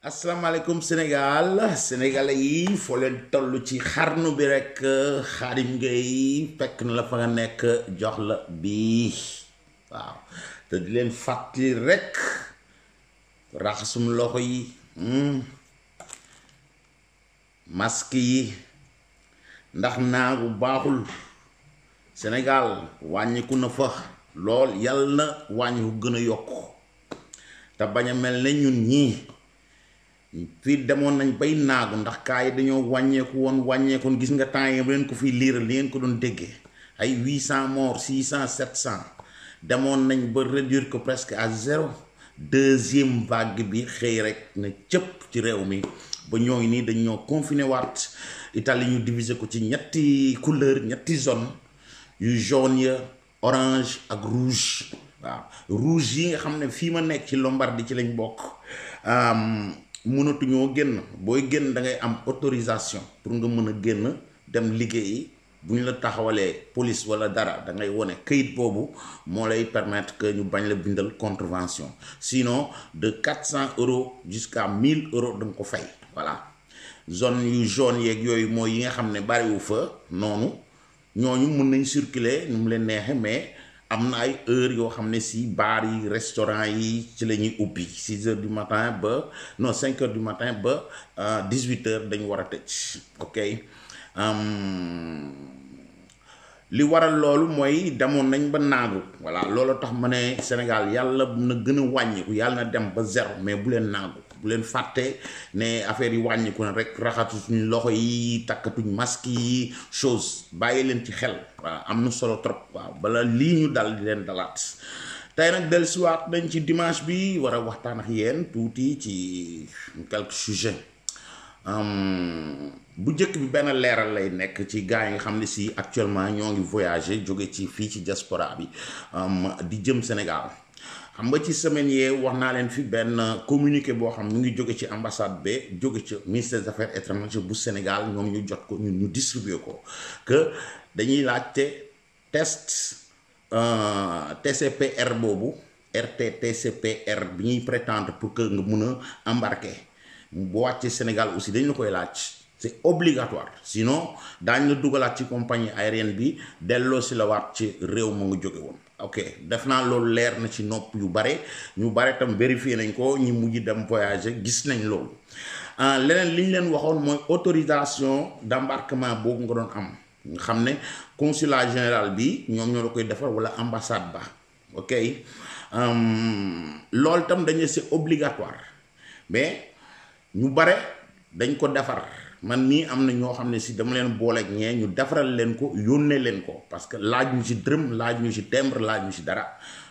Assalamualaikum Senegal Senegal yi fo len tollu ci xarnu bi rek xarim Gueye fekk na la fa nga jox la bi waaw te di len fatti rek raxasum loxo yi hmm, maski yi ndax baxul senegal wañi ku na fa lol yàlla na wàññiku gën a yokk te ñun ñi fii demoon nañ bay naagu ndax kaa yi dañoo wàññeeku woon wàññeekoon gis nga temps yi leen ko fiy liiral li ngeen doon déggee ay huit cent morts six cent sept cent demoon nañ ba réduire ko presque à zéro deuxième vague bi xëy rek na cëpp ci réew mi ba ñooñu nii dañ confiné waat Italie ñu diviser ko ci ñetti couleur ñetti zone yu jaune ya orange ak rouge waaw yi nga xam ne fii ma nekk ci Lombardie ci lañ bokk. mënatuñoo génn booy génn da ngay am autorisation pour nga mën a génn dem liggéey bu ñu la taxawalee police walla dara da ngay wone kayit boobu moo lay permettre que ñu bañ la bindal contravention sinon de quatre cent euros jusqu'à mille euros da ko fay voilà zone yu jaune yeeg yooyu mooy yi nga xam ne bariwu fa noonu ñooñu mun nañ circuler nu mu leen neexee mais am na ay heure yoo xam ne si baar yi restaurant yi ci la ñuy ubbi six heures du matin ba non cinq heures du matin ba euh, dix huit heures dañ war a tëj ok li waral loolu mooy demoon nañ ba naagu voilà loolu tax ma ne Sénégal yàlla na gën a wàññiku yàlla na dem ba zéro mais bu leen naagu bu leen ne affaire yi wàññiku ko rek raxatuñ loxo yi takkatuñ maski chose baye len ci xel waaw solo trop waaw bala li ñu dal di len dalat tay nak del siwaat nañ ci dimanche bi wara waxtan ak yeen touti ci quelques um bu njëkk bi ben lay nek ci gaay nga xamni si actuellement ñoo ngi voyager jóge ci fi ci diaspora bi di jëm Sénégal xam nga ci semaine yee wax naa leen fi benn communiqué boo xam mu ngi jóge ci ambassade ba jóge ci ministère des affaires étrangères bu Sénégal ñoom ñu jot ko ñun ñu distribuer ko que dañuy laajte test euh, TCPR boobu RTTCPR bi ñuy prétendre pour que nga mun a embarquer boo wàccee Sénégal aussi dañ la koy laaj c'est obligatoire sinon daañ la dugalaat ci compagnie aérienne bi delloo si la waat ci réew mu nga jóge woon ok def naa loolu leer na ci nopp yu bare ñu bare tam vérifié nañ ko ñi mujj dem voyager gis nañ loolu ah, leneen li ñu leen waxoon mooy autorisation d'embarquement boobu nga doon am nga xam ne consulat général bi ñoom ñoo la koy defar walla ambassade ba ok loolu tam dañu c'est obligatoire mais ñu bare dañ ko defar man mii am na ñoo xam ne si dama leen booleek ñee ñu defaral leen ko yónnee leen ko parce que laaj ñu si dërëm laaj ñu si timbre laaj ñu si dara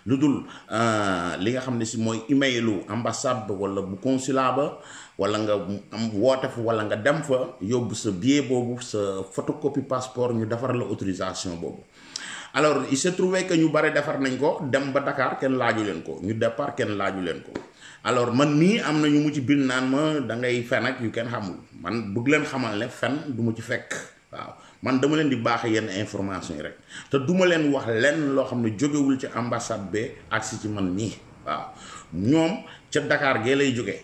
lu dul euh, li nga xam ne si mooy emailu ambassade ba wala bu consulat ba wala nga am woote fa wala nga dem fa yóbbu sa billet boobu sa photocopie passeport ñu defar la autorisation boobu alors il se trouvait que ñu bare defar nañ ko dem ba dakaar kenn laaju leen ko ñu départ kenn laaju leen ko alors man mi am ñu mu ci bil nan ma da ngay fen ak yu kenn xamul man bëgg leen xamal ne fen du mu ci fekk waaw man dama leen di bax yeen information yi rek te duma leen wax lenn lo xamne joge wul ci ambassade be ak ci man mii waaw ñom ci Dakar ge lay joge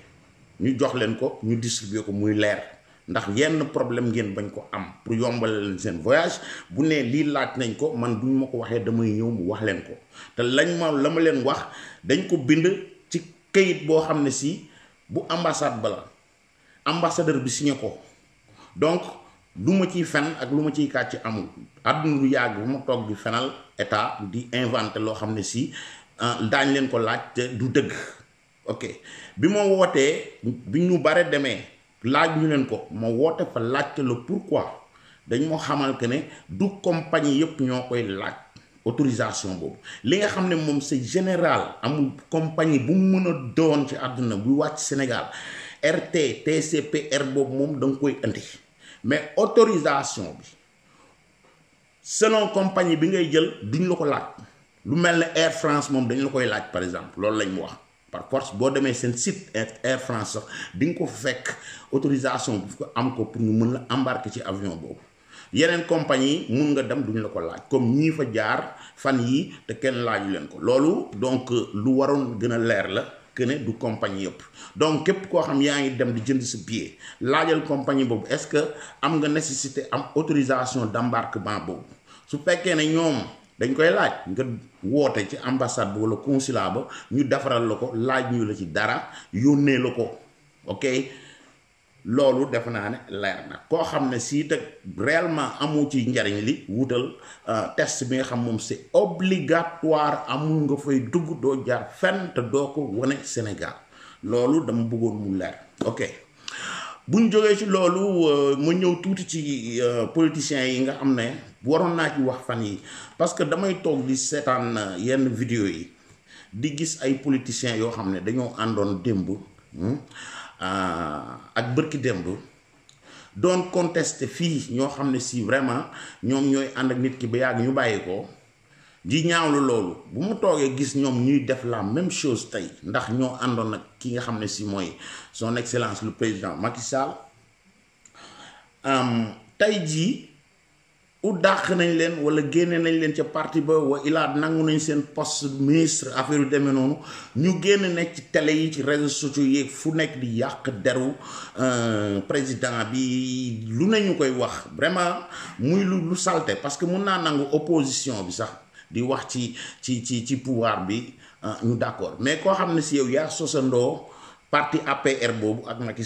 ñu jox leen ko ñu distribuer ko muy leer ndax yenn problème ngeen bañ ko am pour yombal leen seen voyage bu ne li laaj nañ ko man duñ mako waxe damay ñew mu wax leen ko te lañ ma lama leen wax dañ ko bind kayit boo xam ne si bu ambasade ba la ambassadeur bi signé ko donc lu ma ciy fen ak lu ma ciy kàcc amul àdduna lu yàgg bu ma toog bi fenal état di inventé loo xam ne si ah, daañ leen ko laaj te du dëgg ok bi ma wootee bi ñu bare demee laaj ñu leen ko ma woote fa laajte la pourquoi dañ moo xamal que ne du compagnie yépp ñoo koy laaj autorisation bob. li nga xam mom c'est général amul compagnie bu meuna doon ci aduna bu wacc Sénégal RT TCPR boobu moom da nga koy andi mais autorisation bi selon compagnie bi ngay jël duñ la ko laaj lu mel Air France mom dañ la koy laaj par exemple loolu lañ wax par force bo démé sen site Air France sax di ko fekk autorisation bu ko am ko pour ñu mën la embarquer ci avion bob. yeneen compagnie mun nga dem duñu la ko laaj comme ñii fa jaar fan yii te kenn laaju leen ko loolu donc lu waroon gën a leer la que ne du compagnie yëpp donc képp koo xam yaa ngi dem di jënd sa billet laajal compagnie boobu est-ce que am nga nécessité am autorisation d'embarquement boobu su fekkee ne ñoom dañ koy laaj nga woote ci ambassade ba wala consulat ba ñu defaral la ko laaj ñu la ci dara yónnee la ko ok loolu def naa ne leer na koo xam ne sii teg réellement amu ci njariñ li wutal euh, test bi nga xam moom c'est obligatoire amul nga fay dugg doo jaar fenn te doo ko wane Sénégal loolu dama buggoon mu leer ok buñ ñu jógee ci loolu euh, ma ñëw tuuti ci euh, politiciens yi nga xam ne waroon naa ci wax fan yi parce que damay toog di seetaan yenn vidéo yi di gis ay politiciens yoo xam ne dañoo àndoon démb. Hmm? Euh, ak barki qui doon contesté fii ñoo si vraiment ñoom ñooy ànd ak nit ki ba ñaawlu loolu bu mu gis ñoom ñuy def la même chose tey ndax ñoo àndoon ki nga son excellence le président Macky Sall euh, u dàq nañ leen wala génne nañ leen ca parti ba wa ilaa nangu nañu seen post ministre affaire yu demee noonu ñu génn nekk ci tele yi ci réseaux sociaux yi fu nekk di yàq deru euh, président bi lu nañu koy wax vraiment muy lu lu salte parce que mun naa nangu opposition bi sax di wax ci ci ci ci pouvoir bi euh, ñu d'accord mais koo xam ne si yow yaa sosandoo parti APR boobu ak Macky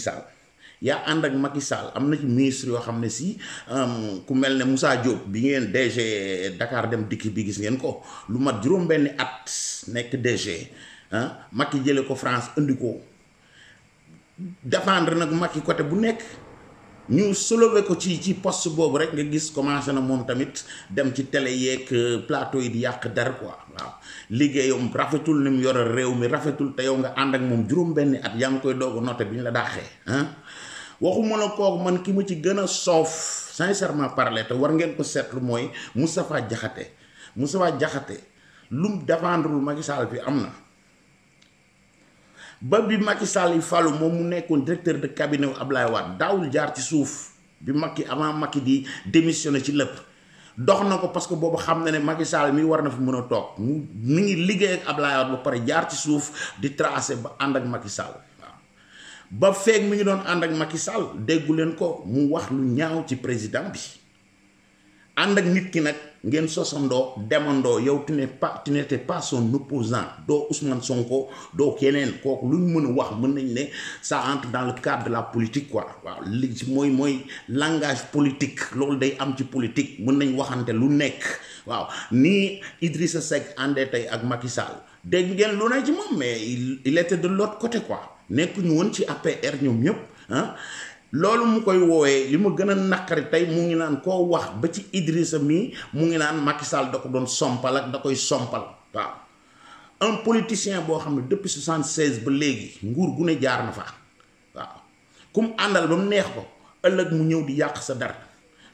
yaa ànd ak Macky Sall am na ci ministre yoo xam ne si euh, ku mel ne Moussa Diop bi ngeen DG dakaar dem dikk bi gis ngeen ko lu mat juróom-benni at nekk DG ah Macky jële ko France indi ko défendre nag Macky côté bu nekk ñu soulever ko ci ci post boobu rek nga gis commencé na moom tamit dem ci tele yeeg euh, plateau yi di yàq dara quoi waaw liggéeyam rafetul ni mu yore réew mi rafetul te yow nga ànd ak moom juróom-benni at yaa ngi koy doog a bi ñu la daaxee waxu waxuma la kooku man ki mu ci gën a soof sincèrement parler te war ngeen ko seetlu mooy Moustapha Diakhaté Moustapha Diakhaté lu défendrul Macky Sall bi am na ba bi Macky Sall yi falu moom mu nekkoon directeur de cabinet ab Ablaye Wade daawul jaar ci suuf bi Macky amaa Macky di démissionné ci lépp dox na ko parce que boobu xam na ne Macky Sall mi war na fi mën a toog mu mi ngi liggéey ak Ablaye Wade ba pare jaar ci suuf di tracé ba ànd ak Macky ba feeg mi ngi doon ànd ak Macky Sall déggu leen ko mu wax lu ñaaw ci président bi ànd ak nit ki nag ngeen sosandoo demandoo yow tu n'es pas tu n'étais pas son opposant doo Ousmane Sonko doo keneen kooku lu ñu mën a wax mën nañ ne sa entre dans le cadre de la politique quoi waaw li ci mooy mooy langage politique loolu day am ci politique mën nañ waxante lu nekk waaw nii Idrissa Seck àndee tey ak Macky dégg ngeen lu ne ci moom mais il était de l'autre côté quoi. nekkuñu woon ci APR ñoom ñëpp ah loolu mu koy woowee li ma gën a naqari tey mu ngi naan koo wax ba ci sa mii mu ngi naan Macky Sall da ko doon sompal ak da koy sompal waaw un politicien boo xam ne depuis 76 ba léegi nguur gu ne jaar na fa waaw ku àndal ba mu neex ko ëllëg mu ñëw di yàq sa dara.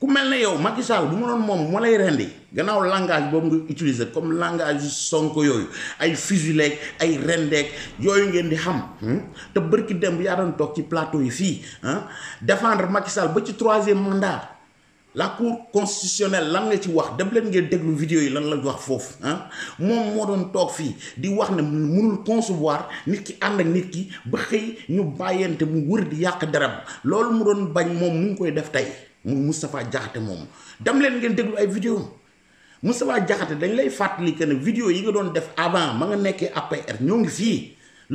ku melne yow Macky Sall bu ma doon moom moo lay rendi gannaaw langage boobu nga utiliser comme langage Sonko yooyu ay fusileeg ay rendeeg yooyu ngeen di xam hmm? te barki demb yaa doon toog ci plateau yi fii hmm? défendre Macky Sall ba ci troisième mandat la cour constitutionnelle lan la ci wax dem leen ngeen déglu vidéo yi lan la wax foofu ah moom moo doon toog fii di wax ne mënul concevoir nit ki ànd ak nit ki ba xëy ñu bàyyante mu wër di yàq darab loolu mu doon bañ moom mu ngi koy def tey mu Moustapha Diakhaté mom dam leen ngeen déglu ay vidéo Moustapha Diakhaté dañ lay fatali que ne vidéo yi nga doon def avant ma nga nekké APR ñoo ngi fii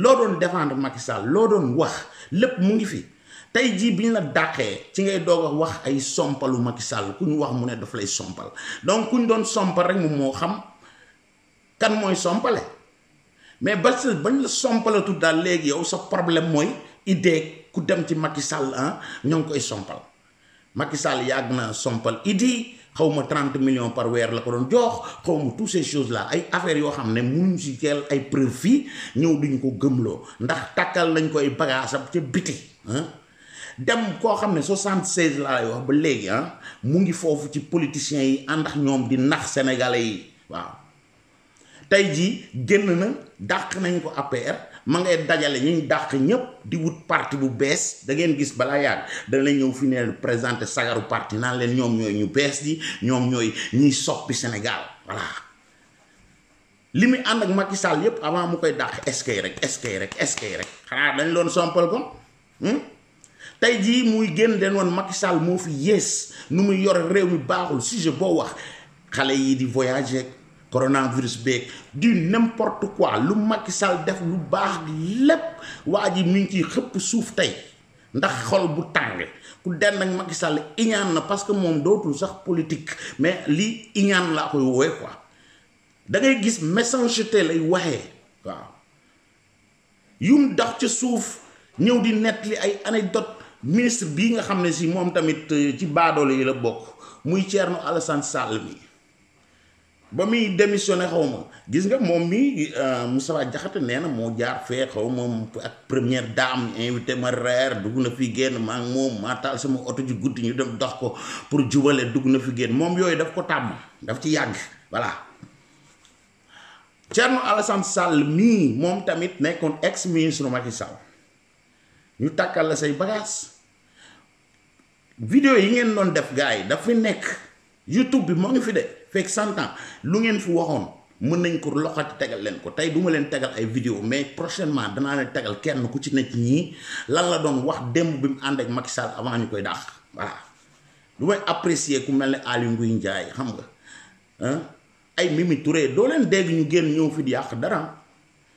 loo doon défendre Macky Sall lo doon wax lepp mu ngi fi tay ji biñ la dàqee ci ngay doog a wax ay sompalu Macky Sall kuñ wax mu ne daf lay sompal donc kuñ sompal rek mu mo xam kan moy sompalé mais ba sa bañ la tout dal légui yow sa problème moy idée ku dem ci Macky Sall ah ñong koy sompal. Macky Sall yàgg naa sompal idi xaw ma trente millions par weer la ko doon jox xaw ma toutes ces choses là ay affaires yoo xam ne mënuñ si teel ay preuve fii ñëw duñu ko gëmloo ndax takkal nañ koy bagage ab ca biti dem koo xam ne 76 laa lay wax ba léegi mu ngi foofu ci politiciens yi ànd ak ñoom di nax sénégalais yi waaw tey jii génn na dàq nañ ko APR ma ngay dajale ñuy dakk ñep di wut parti bu bes da ngeen gis bala yàgg da lay ñew fi ne présenter sagaru parti nan leen ñom ñoy ñu bes di ñom ñoy ñi soppi Sénégal voilà limi and ak Macky Sall yep avant mu koy dàq eskay rek eskay rek eskay rek xana dañ loon sompal ko hmm? tay ji muy den won Macky Sall mo fi yes nu muy yore mi baaxul sujet bo wax xalé yi di voyager coronavirus beeg du n'importe quoi lu Macky Sall def lu baax lépp waa ji mi ngi ciy xëpp suuf tey ndax xol bu tàng ku dend ak Macky Sall iñaan na parce que moom dootul sax politique mais lii iñaan laa koy woowee quoi da ngay gis méchanceté lay waxee waaw yum dox ca suuf ñëw di li ay anecdote ministre bii nga xam ne si moom tamit euh, ci baadoole yi la bokk muy Thierno Alassane Sall mi ba mi démissioné xawma gis nga mom mi euh, Moustapha Diakhaté néna mo jaar fee xaw ma ak première dame invité ma reer dug na fi génn ma ak mom ma taal sama auto ju goudi ñu dem dox ko pour jubale dug na fi génn mom yoy daf ko tam daf ci yàgg voilà Alassane Sall mi mom tamit nekkoon ex ministre Macky Sall ñu takal la say bagage vidéo yi ngeen non def gaay da fi YouTube bi mo ngi fi de fekk cent ans lu ngeen fi waxoon mën nañ ko loxati tegal leen ko tey duma leen tegal ay vidéo mais prochainement danaa leen tegal kenn ku ci nekk ñii lan la doon wax démb bi mu ànd ak Macky Sall avant ñu koy dàq waa du may apprécier ku mel ne Aly Ngouille Ndiaye xam nga ay Mimi Touré doo leen dégg ñu génn ñëw fi di yàq dara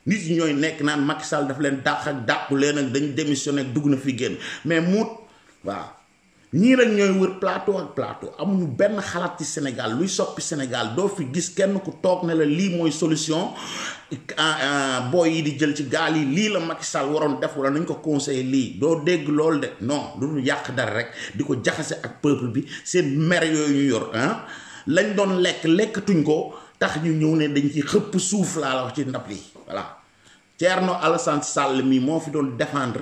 nit yi ñooy nekk naan Macky Sall daf leen dàq ak dàqu leen ak dañu démissionné dugg na fi génn mais muut waaw Ni rek ñoy wër plateau ak plateau amuñu benn xalaat ci Sénégal luy soppi Sénégal do fi gis kenn ku toog ne la lii mooy solution ah, ah, booy yi di jël ci gaal yi lii la Macky waroon def wala nañ ko conseiller lii doo dégg lool de non lu yàq dara rek di ko jaxase ak peuple bi seen mer yooyu ñu yor ah lañ doon lekk lekkatuñ ko tax ñu ñëw ne dañ ci xëpp suuf laa la wax ci ndab voilà Thierno Alassane Sall mi moo fi doon défendre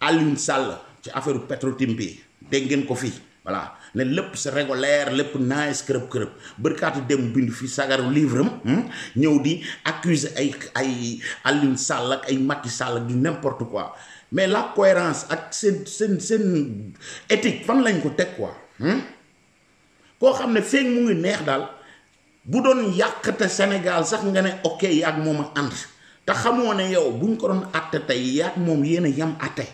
Alioune Sall ci affaire pétrole timbi dégg ko fi voilà ne lépp c'est régulaire lépp nice kërëb kërëb bërkaatu dem bind fi sagar livre am hmm? ñëw di accuser ay ay Alioune Sall ak ay Macky Sall du n'importe quoi mais la cohérence ak seen seen seen éthique fan lañ ko tek quoi hmm ko xamné feeng mu ngi neex dal bu doon yàq Sénégal sax nga ne ok yaag moom a ànd te xamoo ne yow buñ ko doon àtte tey yaag moom yéen a yam àtte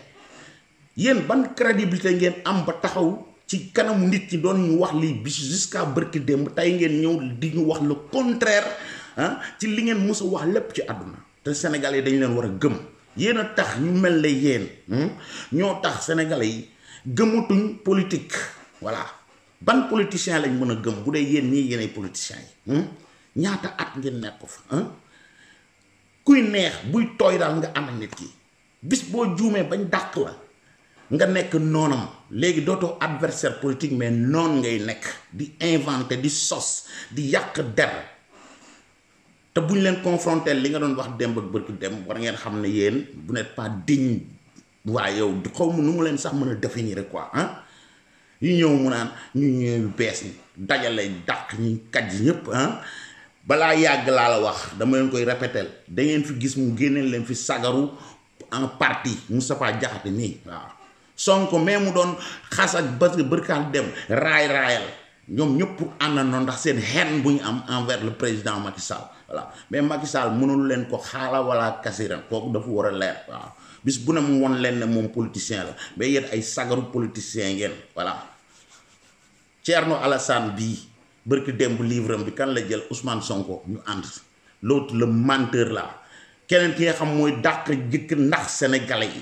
yéen ban crédibilité ngeen am ba taxaw ci kanamu nit ci doon ñu wax lii bis jusqu'à bërki démb tey ngeen ñëw di wax le contraire ah ci li ngeen mës wax lépp ci àdduna te sénégalais dañ leen war a gëm yéen a tax ñu mel ne yéen hmm? ñoo tax sénégalais yi gëmatuñ politique voilà ban politicien lañ mën a gëm bu dee yéen ñii yéenay politiciens yi hmm? ñaata at ngeen nekk fa kuy neex buy tooy daal nga am nit ki bis boo juumee bañ dàq la. nga nek noonam léegi doto adversaire politique mais non ngay nek di inventer di sos di yak der te buñ len confronter li nga don wax démb ak barki dem war ngeen xamne ne bu net pas digne wa yow xawmu ma nu mu leen sax meuna a définir quoi hein ñu ñew mu naan ñu ñëw bes ni dajale dak ñi kaj ñep hein bala yag la la wax dama len koy répéter da ngeen fi gis mu génneen len fi sagaru en partie Moustapha jaxati ni waaw Sonko mais mu doon xas ak bas bërkaal dem raay raayal ñoom ñëpp pour àndandoo ndax seen haine bu ñu am envers le président Macky Sall mais Macky Sall mënul leen ko xaala wala kasiran kooku dafa war a leer waaw bis bu ne mu won leen ne moom politicien la mais yéen ay sagaru politicien ngeen voilà Thierno Alassane bii bërki démb livre bi kan la jël Ousmane Sonko ñu ànd l'autre la menteur la keneen ki nga xam mooy dàq jëkk ndax sénégalais yi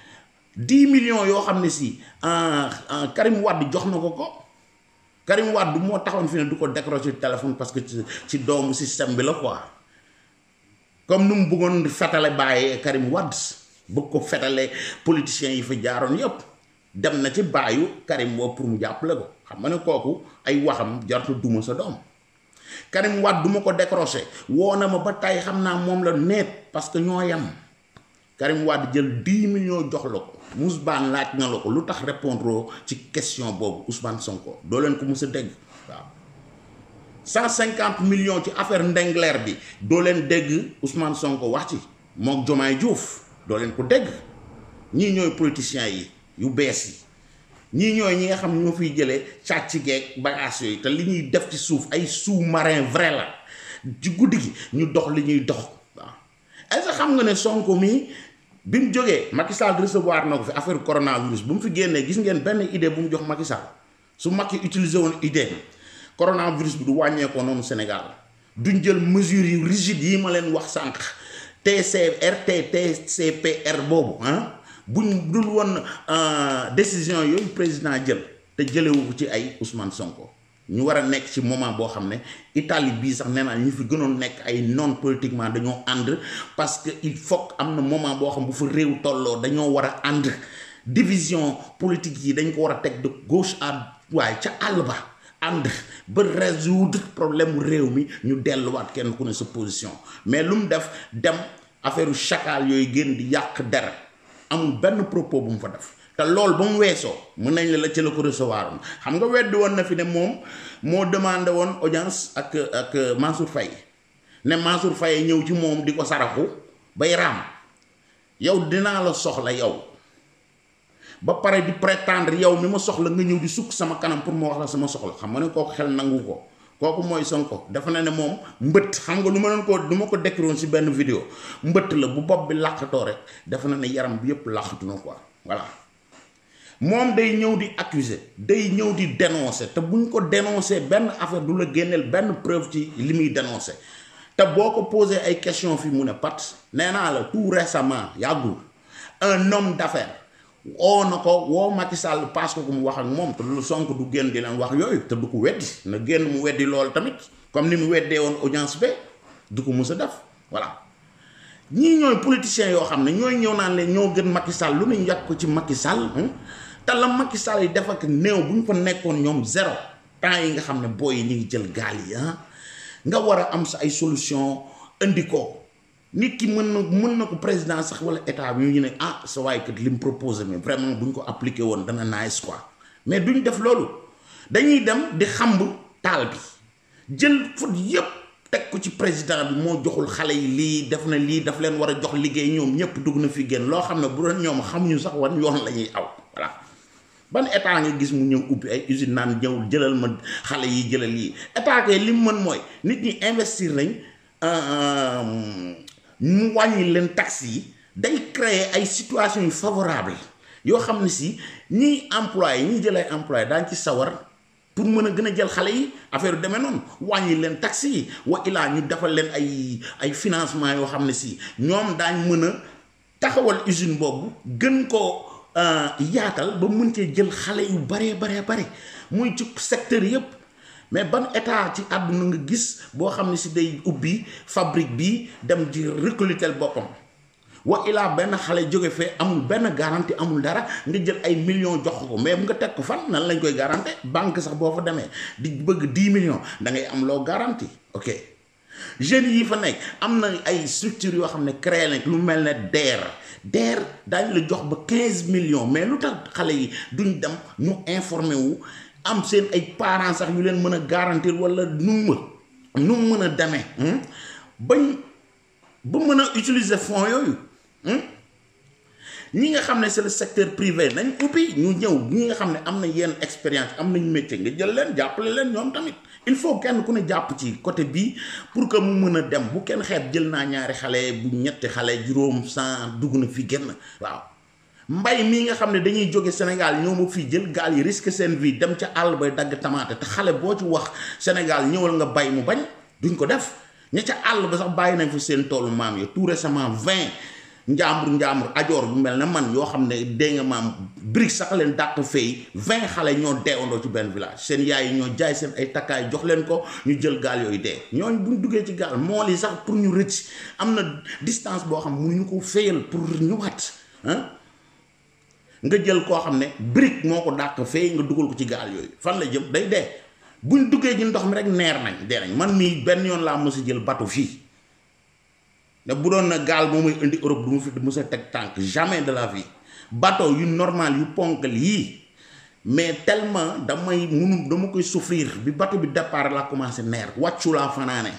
10 millions yo xamné si en euh, euh, Karim Wade jox nako ko Karim Wade mo taxone fi ne duko décrocher téléphone parce que ci doomu système bi la quoi comme num mu fatalé baye Karim Wade bëgg ko fatalé politiciens yi fa jaaroon yépp dem na ci bayu Karim woo pour mu japp la ko xam na koku ay waxam jartu duma sa doom Karim Wade duma ko décrocher wona ma ba tay xamna mom la net parce que ñoyam Karim Wade jël 10 millions jox lako Ousmane laaj na la répondre ci question Bob Ousmane Sonko do len ko a millions ci affaire Ndengler bi do len deg, Ousmane Sonko wax ci mook Jomaay Diouf do len ko deg ñi ñoy politiciens yi yu yi ñi ñoy ñi nga xam ñoo te li ñuy def ci ay sous-marin vrai est-ce que xam ne Sonko bi mu jógee Macky Sall recevoir na ko fi affaire coronavirus bu mu fi génnee gis ngeen benn idée bu mu jox Macky Sall su Macky utiliser woon idée bi coronavirus bi du wàññeekoo noonu Sénégal duñ jël mesures yu rigides yi ma leen wax sànq TCRTTCPR boobu ah buñ dul woon euh, décision yooyu président jël te jëlewu ko ci ay Ousmane Sonko. ñu wara nek ci moment bo xamné Italie bi sax néna fi gënoon nek ay non politiquement dañoo avons parce que il faut amna moment à xam bu fa rew tolo dañoo division politique yi dañ ko de gauche à droite. nous Alba ba ba résoudre problème rew mi ñu wat kenn ku ne sa position mais lum def dem affaire chacal di der. Nous amul propos bu mu fa def te loolu ba mu weesoo mën nañ la la ci la ko recevoir xam nga weddi woon na fi ne moom moo demandé woon audience ak ak Mansour Faye ne Mansour Faye ñëw ci moom di ko saraxu bay raam yow dinaa la soxla yow ba pare di prétendre yow mi ma soxla nga ñëw di sukk sama kanam pour ma wax la sama soxla xam nga ne koo xel nangu ko kooku mooy Sonko dafa ne ne moom mbëtt xam nga lu ma doon koo du ma ko décriroon si benn vidéo mbëtt la bu bopp bi làqatoo rek dafa na ne yaram bi yëpp làqatu na voilà mom day ñëw di accuser day ñëw di dénoncer té buñ ko dénoncer ben affaire du la génneel ben preuve ci limi dénoncer té boko poser ay question fi mu ne pat néna la tout récemment yàggul un homme d'affaires oo nako wo woo Macky Sall parce que ku mu wax ak mom té lu Sonko du génn di lan wax yoy té du ko weddi na génn mu wéddi lool tamit comme ni mu weddee woon audience ba du ko mësa daf voilà ñi ñoy politiciens yo xamné ñoy ñooy naan lé ñoo gën Macky Sall lu ñu yàq ko ci Macky Sall hmm? ta la Macky Sall yi def ak neew buñ fa nekkon ñom zéro temps yi nga xamne boy yi ñu ngi jël gal yi ah nga wara a am sa ay solution indi ko nit ki mën na mën na ko président sax wala état bi ñu ne ah sa way ke li proposer mais vraiment buñ ko appliquer won dana nice quoi mais duñ def lolu dañuy dem di xamb taal bi jël fot yépp tek ko ci président bi mo joxul xalé yi li def na li daf leen wara jox liggéey ñoom ñepp dug na fi lo xamne bu ron ñoom xamuñu sax wan yoon lañuy aw ban état nga gis mu ñëw ubbi ay usine naan ñëw jëlal ma xale yi jëlal yi état kay li mu mën mooy nit ñi investir nañ euh, mu wàññi leen taxes yi day créer ay situation yu favorable yoo xam ne si ñiy employé ñiy jël ay employé daañ ci sawar pour mën a gën a jël xale yi affaire demee noonu wàññi leen taxes yi wa ilaa ñu defal leen ay ay financement yoo xam ne si ñoom daañ mën a taxawal usine boobu gën ko Euh, yaatal ba mu mën cee jël xale yu baree baree bare muy ci secteur yépp mais ban état ci àdduna nga gis boo xam ne si day ubbi fabrique bi dem di recruter boppam wa ilaa benn xale jóge fee amul benn garantie amul dara nga jël ay millions jox ko mais bu nga teg ko fan nan lañ koy garanté banque sax boo fa demee di bëgg 10 million da ngay am loo garantie ok Je yi fa nous ay structure yo xamné créé lu DER DER c'est jox ba millions mais nous, tax yi duñ dem ñu informé wu am parents sax ñu leen nous garantir wala nu mu nu nous hmm? bañ utiliser fonds hmm? ñi nga xam ne c'est le secteur privé nañ ubbi ñu ñëw ñi nga xam ne am na yenn expérience am nañu métier nga jël leen jàppale leen ñoom tamit il faut kenn ku ne jàpp ci côté bii pour que mu mën a dem bu kenn xeet jël naa ñaari xale bu ñetti xale juróom cent dugg na fi génn waaw mbay mii nga xam ne dañuy jóge Sénégal ñoo ma fii jël gaal yi risque seen vie dem ca àll bay dagg tamaate te xale boo ci wax Sénégal ñëwal nga bay mu bañ duñ ko def ña àll ba sax bàyyi nañ fi seen toolu maam yo tout récemment vingt njaambur njaambur ajoor bu mel ne man yoo xam ne dee nga maam brique sax leen dàq fay vingt xale ñoo deewandoo ci benn village seen yaay yi ñoo jaay seen ay takkaay jox leen ko ñu jël gaal yooyu dee ñooñu bu ñu duggee ci gaal mool yi sax pour ñu rëcc am na distance boo xam mënuñu ko fayal pour ñëwaat ah nga jël koo xam ne brique moo ko dàq fay nga dugal ko ci gaal yooyu fan la jëm day de buñ duggee ci ndox mi rek neer nañ dee nañ man mii benn yoon laa mos a jël bateau fii. ne bu doon na gaal moo may indi Europe du ma fi mës a teg tànk jamais de la vie bateau yu normal yu ponkal yii mais tellement damay munu dama koy souffrir bi bateau bi départ laa commencé neer wàccu laa fanaane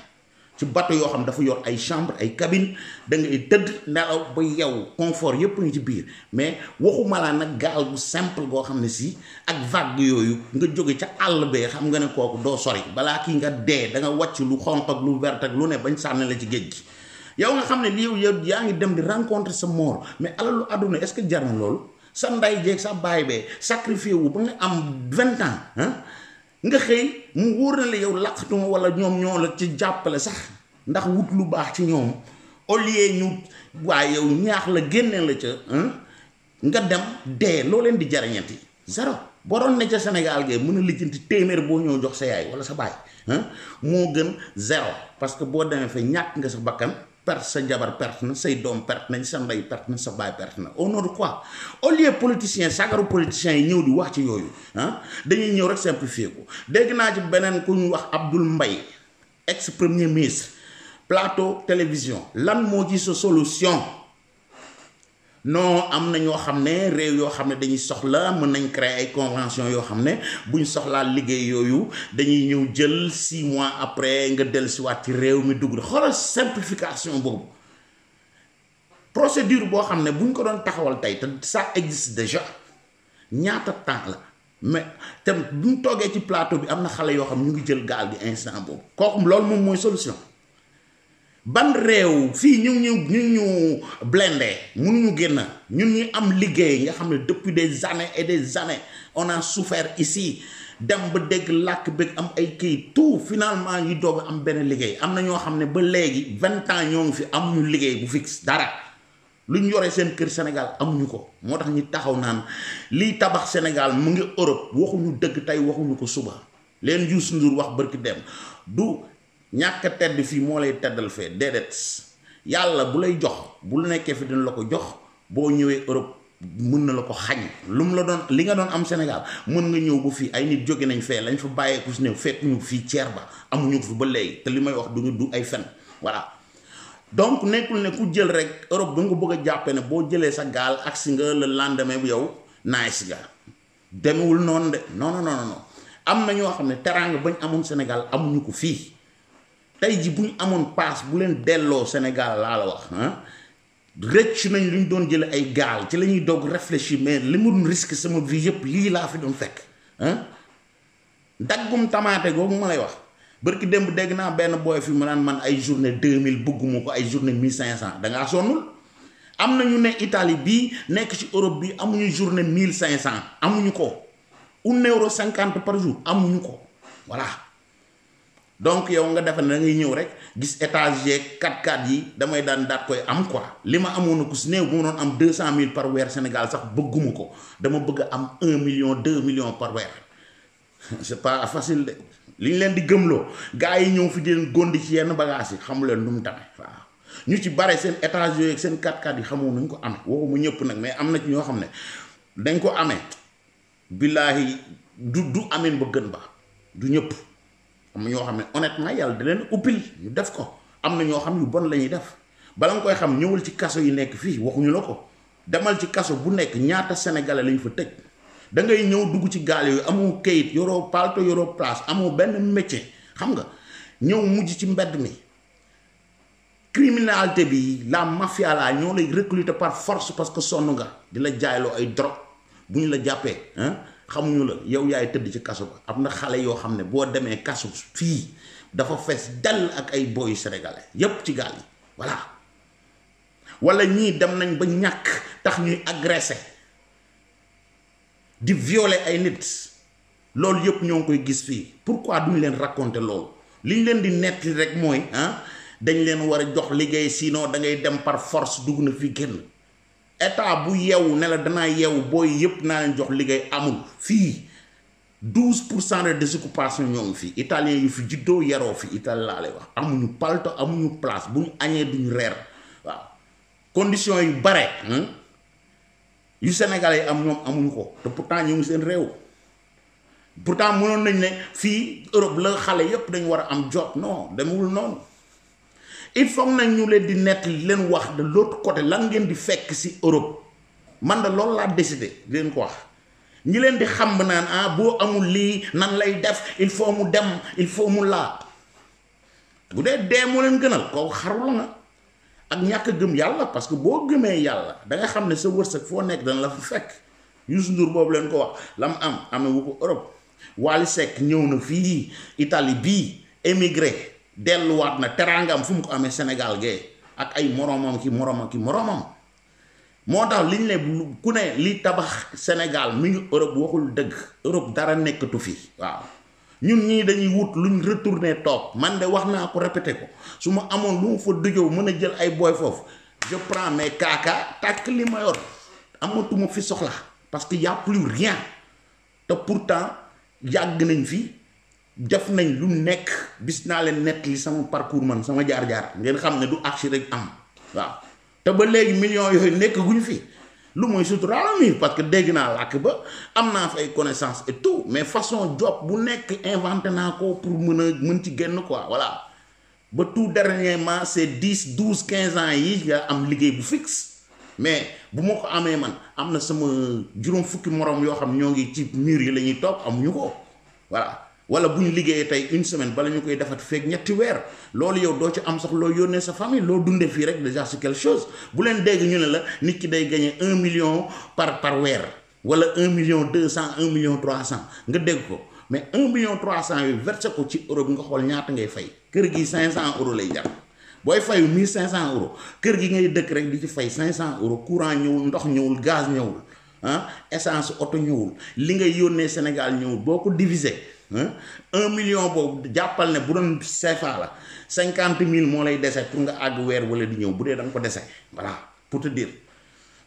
ci bateau yoo xam ne dafa yor ay ay cabine da ngay tëdd nelaw ba yow confort yépp ngi ci biir mais waxuma laa nag gaal bu simple goo xam ne si ak vague yooyu nga jóge ca àll bee xam nga ne kooku doo sori balaa kii nga dee da nga wàcc lu xonq lu vert ak lu ne bañ sànni la ci géej gi yow nga xam ne lii yow yaa ngi dem di rencontrer sa moor mais alalu àdduna est-ce que jar na loolu sa nday jeeg sa baay bee sacrifié wu ba nga am vingt ans nga xëy mu wóor na la yow làqatuma wala ñoom ñoo la ci jàppale sax ndax wut lu baax ci ñoom au lieu ñu waaye yow ñaax la génnee la ca nga dem dee loo leen di jariñati zéro boo doon ne ca Sénégal gee mën a lijjanti téeméer boo ñëw jox sa yaay wala sa baay moo gën zéro parce que boo demee fa ñàkk nga sa bakkan perte sa jabar perte na say dom perte nañ sa perte na sa bay perte na au nom de quoi au lieu politicien sagaru politicien yi ñëw di wax ci yoyu ah dañuy ñëw rek simplifier ko dégg naa ci benen ku ñu wax Abdoul Mbaye ex premier ministre plateau télévision lan mo ci solution non am na ñoo xam ne réew yoo xam ne dañuy soxla mën nañ créer ay convention yoo xam ne buñ soxlaa liggéey yooyu dañuy ñëw jël six mois après nga dellusiwaat ci réew mi dugg xoolal simplification boobu procédure boo xam ne buñ ko doon taxawal tey te ça existe déjà ñaata temps la mais te bu ñu toogee ci plateau bi am na xale yoo xam ñu ngi jël gaal gi instant boobu kooku loolu moom mooy solution. ban réew fii ñu ñu ñu ñu blindé mënuñu génn ñun ñu am liggéey nga xam ne depuis des années et des années on a souffert ici dem ba dégg làkk bëgg am ay kii tout finalement ñu doog am benn liggéey am na ñoo xam ne ba léegi vingt ans ñoo ngi fi amuñu liggéey bu fixe dara lu ñu yoree seen kër Sénégal amuñu ko moo tax ñu taxaw naan liy tabax Sénégal mu ngi Europe waxuñu dëgg tey waxuñu ko suba leen Youssou Ndour wax bërki dem du ñàkk tedd fii moo lay teddal fee déedéet yàlla bu lay jox bu nekkee fi dina la ko jox boo ñëwee Europe mën na la ko xañ lu mu la doon li nga doon am Sénégal mën nga ñëw ba fii ay nit jóge nañ fee lañ fa bàyyeeku si néew fekk ñu fii ceer ba amuñu ko fi ba léegi te li may wax du ñu ay fen voilà donc nekkul ne ku jël rek Europe ba nga bëgg a jàppe ne boo jëlee sa gaal ak si nga le bu yow nice ga demewul noonu de non am na ñoo xam ne teraanga bañ amoon Sénégal amuñu ko fii tey ji bu ñu amoon paas bu leen delloo Sénégal laa la wax ah rëcc nañ lu ñu doon jële ay gaal ci la ñuy doog réfléchir mais li mu doon risque sama vie yëpp lii laa fi doon fekk ah daggum tamaate googu ma lay wax bërki démb dégg naa benn booy fi mu naan man ay journée deux mille bëgguma ko ay journée mille cinq cent dangaa sonnul am na ñu ne Italie bi nekk ci Europe bi amuñu journée mille cinq cent amuñu ko un euro cinquante par jour amuñu ko voilà donc yow nga defa ne da ñëw rek gis étage yeeg 4 x yi damay daan daat koy am quoi li ma amoon ku si néew bu ma doon am deux cent mille par weer Sénégal sax bëgguma ko dama bëgg am un million deux million par weer c'est pas facile de li ñu leen di gëmloo gars yi ñëw fi di leen gondi ci yenn bagages yi xamuleen leen lu mu tamit waaw ñu ci bare seen étage yooyu seen 4x4 yi xamoo nañ ko amee waxuma ñëpp nag mais am na ci ñoo xam ne dañ ko amee billaahi du du ameen ba gën ba du ñëpp am ñoo xam ne honnêtement yàlla da leen uppil ñu def ko am na ñoo xam yu bon la ñuy def bala nga koy xam ñëwul ci kaso yi nekk fii waxuñu la ko demal ci kaso bu nekk ñaata sénégalais lañ fa tëj da ngay ñëw dugg ci gaal yooyu amoo kayit yoroo palto yoroo place amoo benn métier xam nga ñëw mujj ci mbedd mi criminalité bi la mafia la ñoo lay recruter par force parce que sonn nga di la jaayloo ay drop bu ñu la jàppee xamuñu la yow yaay tëdd ci kaso ba am na xale yoo xam ne boo demee kaso fii dafa fees dell ak ay boy sénégalais yépp ci gaal yi voilà wala ñii dem nañ ba ñàkk tax ñuy agressé di violer ay nit loolu yëpp ñoo ngi koy gis fii pourquoi duñ leen raconter loolu liñ leen di netti rek mooy ah dañ leen war a jox liggéey sinon da ngay dem par force dugg na fii génn état bu yeewu ne la danaa yeewu booy yëpp naa leen jox liggéey amul fii douze pour cent de désoccupation ñoom fii italien yu fi juddoo yaroo fii italien laa lay wax amuñu palto amuñu place bu ñu añee duñu reer waaw condition yu bare yu senegal yi am ñoom amuñu ko te pourtant ñu ngi seen réew pourtant mënoon nañ ne fii Europe la xale yëpp dañu war a am jot noo demewul noonu il faut nag ñu leen di nett leen wax de l'autre côté lan ngeen di fekk si Europe man de l'a laa décidé di leen ko wax ñi leen di xam naan ah amul nan lay def il faut mu dem il faut mu la bu dee dee moo leen gënal kooku xarul nga ak ñàkk gëm yàlla parce que boo gëmee yàlla da nga xam se sa wërsëg foo nekk dana la fa fekk yus Ndour blen leen ko wax la am amee wu ko Europe Wally Seck ñëw na fi Italie bi émigré delluwaat na teraangam fu mu ko amee Sénégal gee ak ay moromam ki moromam ki moromam moo tax liñ ne ku ne li tabax Sénégal mi ngi Europe waxul dëgg Europe dara nekkatu fi waaw ñun ñii dañuy wut luñ retourné toog man de wax naa ko répété ko su ma amoon lu mu fa dujoo mën a jël ay booy foofu je prends mes kaaka tàkk li ma yor amatuma fi soxla parce que y a rien te pourtant yàgg nañ fi. def nañ lu nekk bis naa leen nett li sama parcours man sama jaar-jaar ngeen xam ne du aksi rek am waaw te ba léegi millions yooyu nekk guñ fi lu mooy suturaal mi parce que dégg naa làkk ba am naa fay connaissance et tout mais façon job bu nekk inventé naa ko pour mën a mën ci génn quoi voilà ba tout dernièrement c'est dix douze quinze ans yi nga am liggéey bu fix mais bu ma ko amee man am na sama juróom fukki moroom yoo xam ñoo ngi ci miir yi la ñuy toog amuñu ko voilà wala bu ñu liggéeyee tey une semaine bala ñu koy defat feek ñetti weer loolu yow doo ci am sax loo yónnee sa famille loo dundee fii rek déjà su quelque chose bu leen dégg ñu ne la nit ki day gagner un million par par weer wala un million deux cent un million trois cent nga dégg ko mais un million trois cent yu versé ko ci euro bi nga xool ñaata ngay fay kër gi cinq cent euros lay jar booy fayu mille cinq cent euros kër gi ngay dëkk rek di ci fay cinq cent euros courant ñëwul ndox ñëwul gaz ñëwul ah essence oto ñëwul li ngay yónnee Sénégal ñëwul boo ko diviser un million boobu jàppal ne bu doon CFA la cinquante mille moo lay dese pour nga àgg weer wala di ñëw bu dee da ko dese voilà pour te dire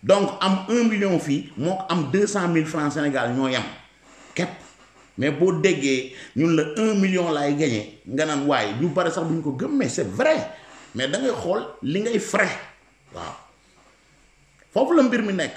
donc am un million fii moo am deux cent mille francs Sénégal ñoo yem képp mais boo déggee ñun la un million laay gagné nga naan waaye ñu bari sax duñ ko gëm mais c'est vrai mais dangay xool li ngay frais waaw foofu la mbir mi nekk.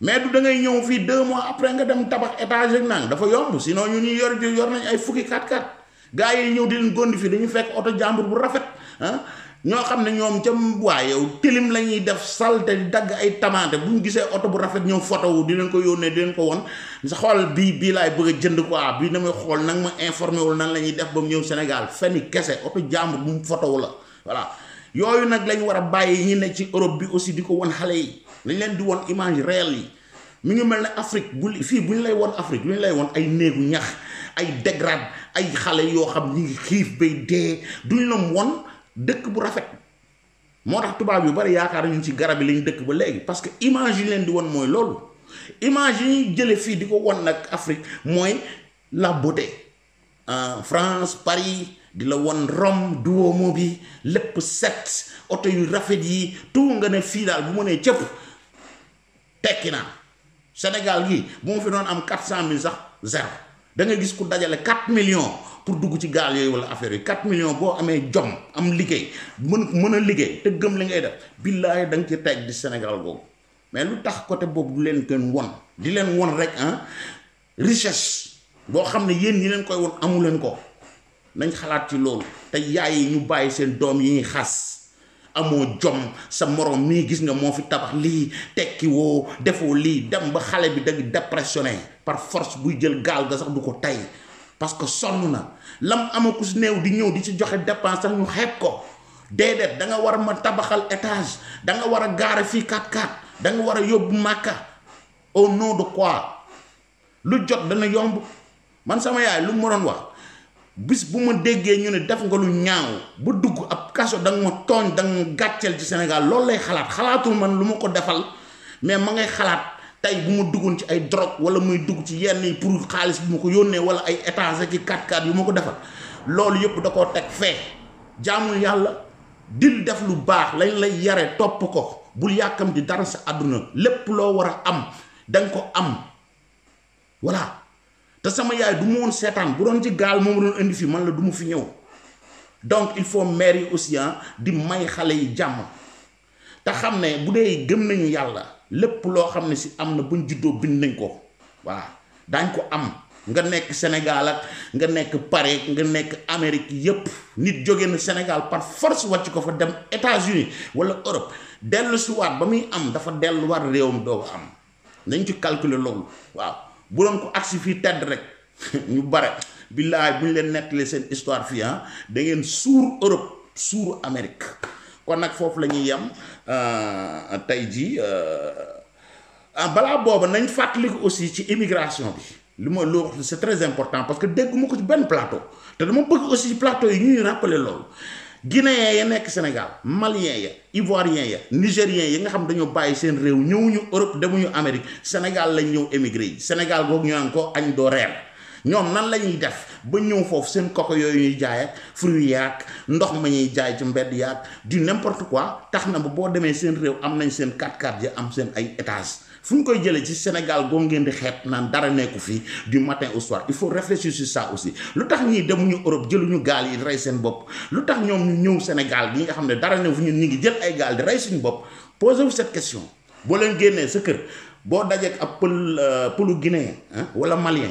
mais du da ñëw fii deux mois après nga dem tabax étage ak nang dafa yomb sinon ñu ñu yor yor nañ ay fukki kat kat gars yi ñëw di leen gondi fii dañu fekk oto jàmbur bu rafet ah, ñoo xam ne ñoom ca waa yow tilim la ñuy def salte dagg ay tamaate bu ñu gisee oto bu rafet ñëw photo di leen ko yónnee leen ko won xool bii bii laay bëgg a jënd bii na may xool nag ma informé wul nan la ñuy def ba mu ñëw Sénégal fenn kese oto jàmbur mu photo la voilà yooyu nag lañu war a bàyyi ñi ne ci Europe bi aussi di ko won xale yi lañ leen di won image réelle yi mu ngi mel ne Afrique bu fii bu ñu lay won Afrique lu ñu lay won ay néegu ñax ay dégrade ay xale yoo xam ñu ngi xiif bay dee duñ la won dëkk bu rafet moo tax tubaab yu bari yaakaar ñu ci garab yi lañ dëkk ba léegi parce que image yi leen di won mooy loolu image yi ñuy jële fii di ko won nag Afrique mooy la beauté France Paris di la won Rome Duomo bi lépp set oto yu rafet yi tout nga ne fii daal bu ma nee cëpp tekki naa Sénégal gii bu ma fi doon am quatre cent mille sax zéro da ngay gis ku dajale quatre million pour dugg ci gaal yooyu wala affaire yi quatre millions boo amee jom am liggéey mën mën a liggéey te gëm li ngay def billaahi da nga ci teg di Sénégal googu mais lu tax côté boobu du leen kenn won di leen won rek ah richesse boo xam ne yéen ñi leen koy won amu leen ko nañ xalaat ci loolu te yaay yi ñu bàyyi seen doom yi ñuy xas amoo jom sa morom mii gis nga moo fi tabax lii tekki woo defoo lii dem ba xale bi dag dépressionné par force buy jël gaal ga sax du ko tey parce que sonn na lam amaku si néew di ñëw di ci joxe dépense sax ñu xeeb ko déedéet da nga war a ma tabaxal étage danga war a gaare fii 4 x danga war a yóbbu màkka au nom de quoi lu jot dana yomb man sama yaay lu mu doon wax bis bu ma déggee ñu ne def nga lu ñaaw ba dugg ab kaso dang mo togn dang gatchel ci senegal lool lay xalaat man luma ko defal mais ma ngay xalat tay bu mu dugun ci ay drogue wala muy dug ci yenn yi pour xaliss bu mako ko wala ay étage ak i 4 4 yu mako defal lolou yep da ko tek fe jaamul yalla dil def lu bax lañ lay yare top ko bul yakam di dara sa aduna lepp lo wara am dang ko am voilà ta sama yaay du mu won setan bu don ci gaal moom doon indi fi man la du mu fi ñew donc il faut maire aussi hein, di may xalé yi jàmm ta xam ne gëm nañu yalla lepp lo xamné ci si am na buñ Wa. bind nañ ko voilà dañ ko am nga nek Sénégal ak nga nek Paris nga nek Amérique yépp nit jogé na Sénégal par force wacc ko fa dem États-Unis wala Europe dellu si waat am dafa delluwaat réewam doo do am nañ ci calculer lo waaw bu ko agsi fi tedd rek ñu bare billaay bu ñu leen nettali seen histoire fii ah da ngeen suur Europe suur Amérique kon nag foofu la ñuy yem euh, tey jii euh, ah, balaa booba nañ fàttaliku aussi ci immigration bi. li ma loo wax c'est très important parce que dégguma ko ci benn plateau te dama bëgg aussi ci plateau yi ñuy rappeler loolu guinéen ya nekk Sénégal malien ya ivoirien ya nigérien ya nga xam dañoo bàyyi seen réew ñëwuñu Europe demuñu Amérique Sénégal lañ ñëw émigré yi Sénégal googu ñu ko añ doo reer ñom nan lañuy def ba ñew fofu seen koko yooyu ñuy jaay ak fruits ndox ma ñuy jaay ci mbedd du n'importe quoi taxna bo ba seen réew am nañ seen 4 4 am seen ay koy ci Sénégal goo ngeen di xeet nan dara du matin au soir il faut réfléchir sur ça aussi lu tax ñii ñu Europe jëluñu gal yi rey seen bop lu tax ñu Sénégal gi nga dara ne ñu ngi jël ay di posez-vous cette question Voilà leen génnee sa kër boo dajeek ab pël euh, guinéen hein, wala malien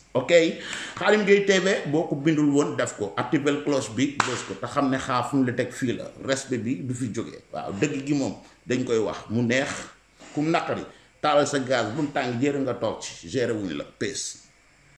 ok xaalim Gueye TV boo ko bindul woon def ko activer cloche bi bës ko te xam ne xaa fu la teg fii la respect bi du fi jógee waaw dëgg gi moom dañ koy wax mu neex kum naqari taalal sa gaz bu mu tàng jër nga toog ci géré wuñu la pees